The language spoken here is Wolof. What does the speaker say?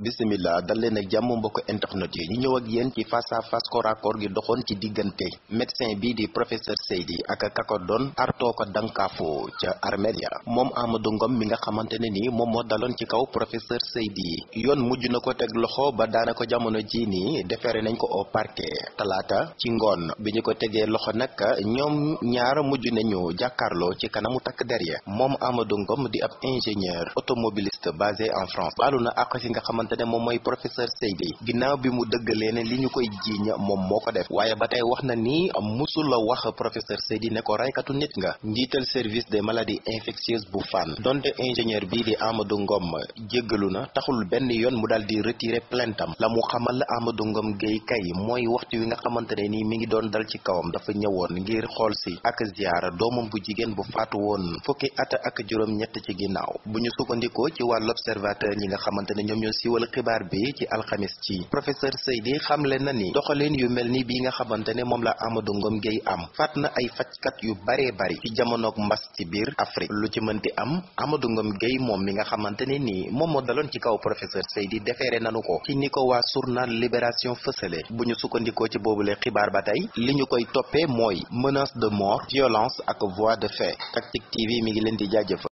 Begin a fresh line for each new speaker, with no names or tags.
bisimila dal leen ak jàmm mbokk internet yi ñu ñëw ak yéen ci face à face corps à corps gi doxoon ci diggante médecin bii di professeur Seydi ak kako doon artoo ko dankaafu ca armeel ya moom Amadou Ngom mi nga xamante ne nii moom moo daloon ci kaw professeur Seydi yoon mujj na ko teg loxo ba ko jamono jii nii defere nañ ko au parquet talaata ci ngoon bi ñu ko tegee loxo nag ñoom ñaar mujj nañu jàkkaarloo ci kanamu takk der ya moom Amadou Ngom di ab ingénieur xamante ne moom mooy professeur Seydi ginnaaw bi mu dëggalee ne li ñu koy jiiñ moom moo ko def waaye ba tey wax na ni musula wax professeur Seydi ne ko raykatu nit nga njiital service de maladies infectieuses bu Fann donte ingénieur bi di Amadou Ngom jéggalu na taxul benn yoon mu daal di retirer plainte am la mu xamal Amadou Ngom Guèye kay mooy waxtu wi nga xamante ne nii mi ngi doon dal ci kawam dafa ñëwoon ngir xool si ak ziyaara doomam bu jigéen bu faatu woon fukki at ak juróom ñett ci ginnaaw bu ñu sukkandikoo ci wàllu observateur jébbal xibaar bi ci alxamis ci professeur Seydi xamle na ni doxalin yu mel ni bi nga xamante ne moom la Amadou Ngom Guèye am faat na ay fajkat yu baree bari ci jamonoog mbas ci biir Afrique lu ci mënti am Amadou Ngom Guèye moom mi nga xamante ne nii moom moo daloon ci kaw professeur Seydi defeere nanu ko ci ni ko waa journal Libération fësale bu ñu sukkandikoo ci boobule xibaar ba tey li ñu koy toppee mooy menace de mort violence ak voie de fait Tactic TV mi ngi leen di jaajëfal